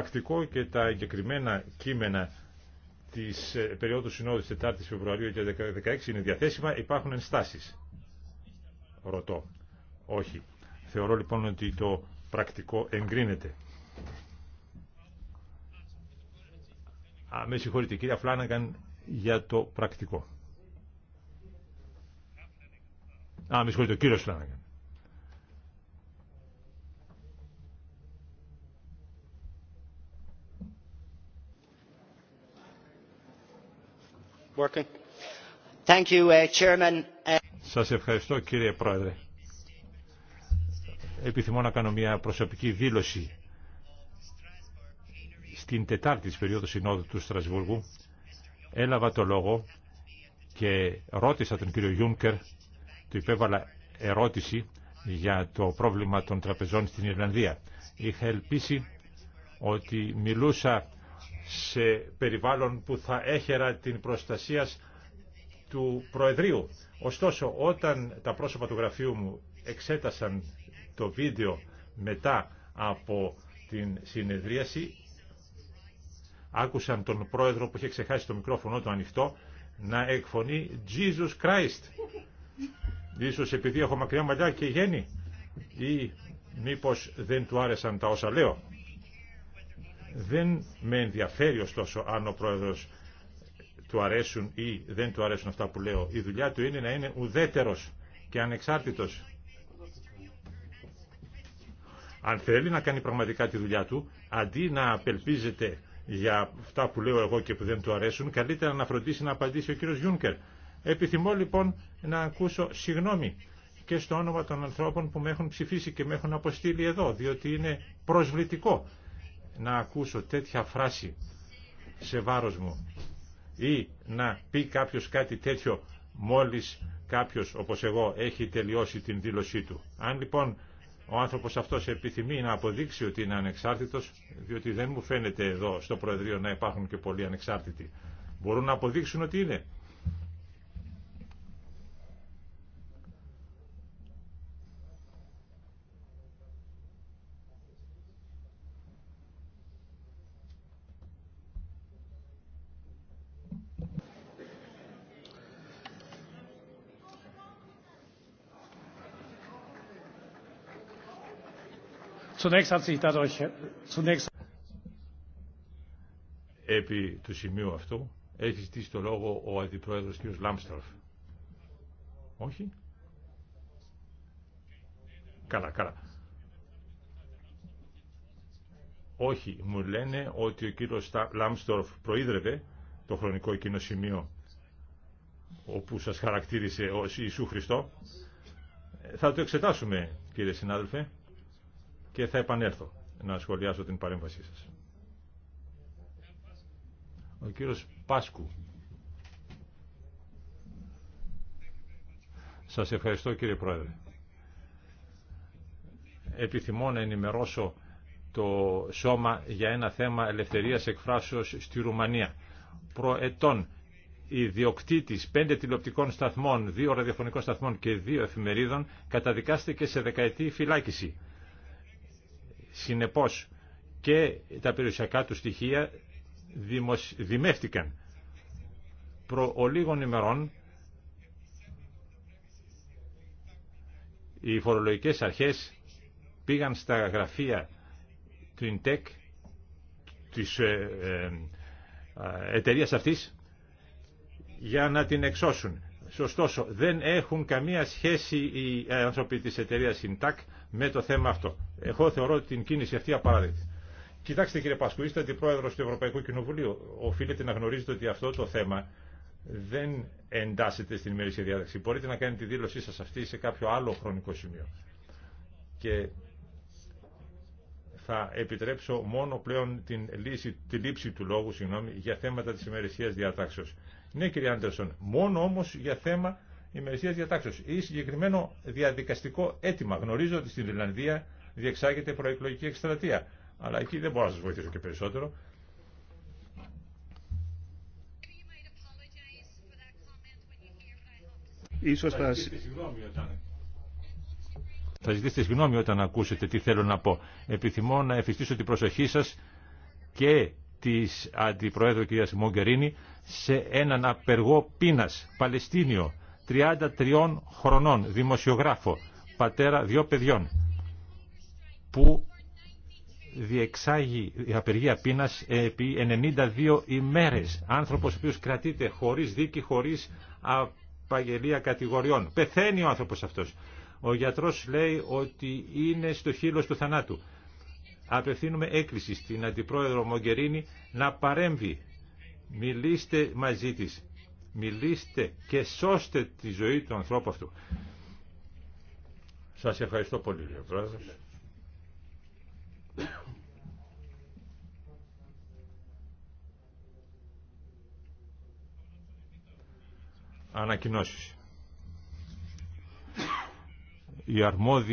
πρακτικό και τα εγκεκριμένα κείμενα της ε, περίοδου συνόδου 4 Φεβρουαρίου 2016 είναι διαθέσιμα, υπάρχουν ενστάσεις. Ρωτώ. Όχι. Θεωρώ λοιπόν ότι το πρακτικό εγκρίνεται. Α, με συγχωρείτε, κυρία Φλάνναγκαν για το πρακτικό. Α, με συγχωρείτε, ο κύριος Uh, Σας ευχαριστώ κύριε Πρόεδρε. Επιθυμώ να κάνω μια προσωπική δήλωση. Στην τετάρτη της συνόδου του Στρασβούργου έλαβα το λόγο και ρώτησα τον κύριο Γιούνκερ, του υπέβαλα ερώτηση για το πρόβλημα των τραπεζών στην Ιρλανδία. Είχα ελπίσει ότι μιλούσα σε περιβάλλον που θα έχερα την προστασία του Προεδρείου. Ωστόσο, όταν τα πρόσωπα του γραφείου μου εξέτασαν το βίντεο μετά από την συνεδρίαση, άκουσαν τον πρόεδρο που είχε ξεχάσει το μικρόφωνο του ανοιχτό να εκφωνεί Jesus Christ. Ίσως επειδή έχω μακριά μαλλιά και γέννη ή μήπως δεν του άρεσαν τα όσα λέω. Δεν με ενδιαφέρει ωστόσο αν ο πρόεδρος του αρέσουν ή δεν του αρέσουν αυτά που λέω. Η δουλειά του είναι να είναι ουδέτερος και ανεξάρτητος. Αν θέλει να κάνει πραγματικά τη δουλειά του, αντί να απελπίζεται για αυτά που λέω εγώ και που δεν του αρέσουν, καλύτερα να φροντίσει να απαντήσει ο κύριος Γιούνκερ. Επιθυμώ λοιπόν να ακούσω συγγνώμη και στο όνομα των ανθρώπων που με έχουν ψηφίσει και με έχουν αποστείλει εδώ, διότι είναι προσβλητικό να ακούσω τέτοια φράση σε βάρος μου ή να πει κάποιος κάτι τέτοιο μόλις κάποιος όπως εγώ έχει τελειώσει την δήλωσή του. Αν λοιπόν ο άνθρωπος αυτός επιθυμεί να αποδείξει ότι είναι ανεξάρτητος, διότι δεν μου φαίνεται εδώ στο Προεδρείο να υπάρχουν και πολλοί ανεξάρτητοι, μπορούν να αποδείξουν ότι είναι. Zunächst hat sich äh, Επί του σημείου αυτού έχει ζητήσει το λόγο ο Αντιπρόεδρος κ. Λάμπστορφ. Όχι. Καλά, καλά. Όχι, μου λένε ότι ο κύριος Λάμστορφ προείδρευε το χρονικό εκείνο σημείο όπου σας χαρακτήρισε ως Ιησού Χριστό. Ε, θα το εξετάσουμε κύριε συνάδελφε και θα επανέλθω να σχολιάσω την παρέμβασή σας. Ο κύριος Πάσκου. Σας ευχαριστώ κύριε Πρόεδρε. Επιθυμώ να ενημερώσω το σώμα για ένα θέμα ελευθερίας εκφράσεως στη Ρουμανία. Προετών διοκτήτη πέντε τηλεοπτικών σταθμών, δύο ραδιοφωνικών σταθμών και δύο εφημερίδων καταδικάστηκε σε δεκαετή φυλάκιση. Συνεπώς και τα περιουσιακά του στοιχεία δημεύτηκαν. Προ λίγων ημερών οι φορολογικές αρχές πήγαν στα γραφεία του ΙΝΤΕΚ της ε, ε, ε, εταιρείας αυτής για να την εξώσουν. Ωστόσο, δεν έχουν καμία σχέση οι ε, άνθρωποι της εταιρείας Συντάκ με το θέμα αυτό. Εγώ θεωρώ την κίνηση αυτή απαράδεκτη. Κοιτάξτε κύριε Πασκού, είστε αντιπρόεδρος του Ευρωπαϊκού Κοινοβουλίου. Οφείλετε να γνωρίζετε ότι αυτό το θέμα δεν εντάσσεται στην ημερήσια διάταξη. Μπορείτε να κάνετε τη δήλωσή σας αυτή σε κάποιο άλλο χρονικό σημείο. Και θα επιτρέψω μόνο πλέον την τη λήψη του λόγου συγγνώμη, για θέματα της ημερησίας διατάξεως. Ναι, κύριε Άντερσον, μόνο όμω για θέμα ημερησία διατάξεω ή συγκεκριμένο διαδικαστικό αίτημα. Γνωρίζω ότι στην Ιρλανδία διεξάγεται προεκλογική εκστρατεία. Αλλά εκεί δεν μπορώ να σα βοηθήσω και περισσότερο. Ίσως θα... θα ζητήσετε συγγνώμη όταν ακούσετε τι θέλω να πω. Επιθυμώ να εφιστήσω την προσοχή σας και της Αντιπροέδρου κυρίας Μογκερίνη σε έναν απεργό πείνας, Παλαιστίνιο, 33 χρονών, δημοσιογράφο, πατέρα δύο παιδιών, που διεξάγει η απεργία πείνας επί 92 ημέρες. Άνθρωπος ο οποίος κρατείται χωρίς δίκη, χωρίς απαγγελία κατηγοριών. Πεθαίνει ο άνθρωπος αυτός. Ο γιατρός λέει ότι είναι στο χείλος του θανάτου. Απευθύνουμε έκκληση στην Αντιπρόεδρο Μογκερίνη να παρέμβει Μιλήστε μαζί της. Μιλήστε και σώστε τη ζωή του ανθρώπου αυτού. Σας ευχαριστώ πολύ, κύριε Πρόεδρος. Ανακοινώσεις.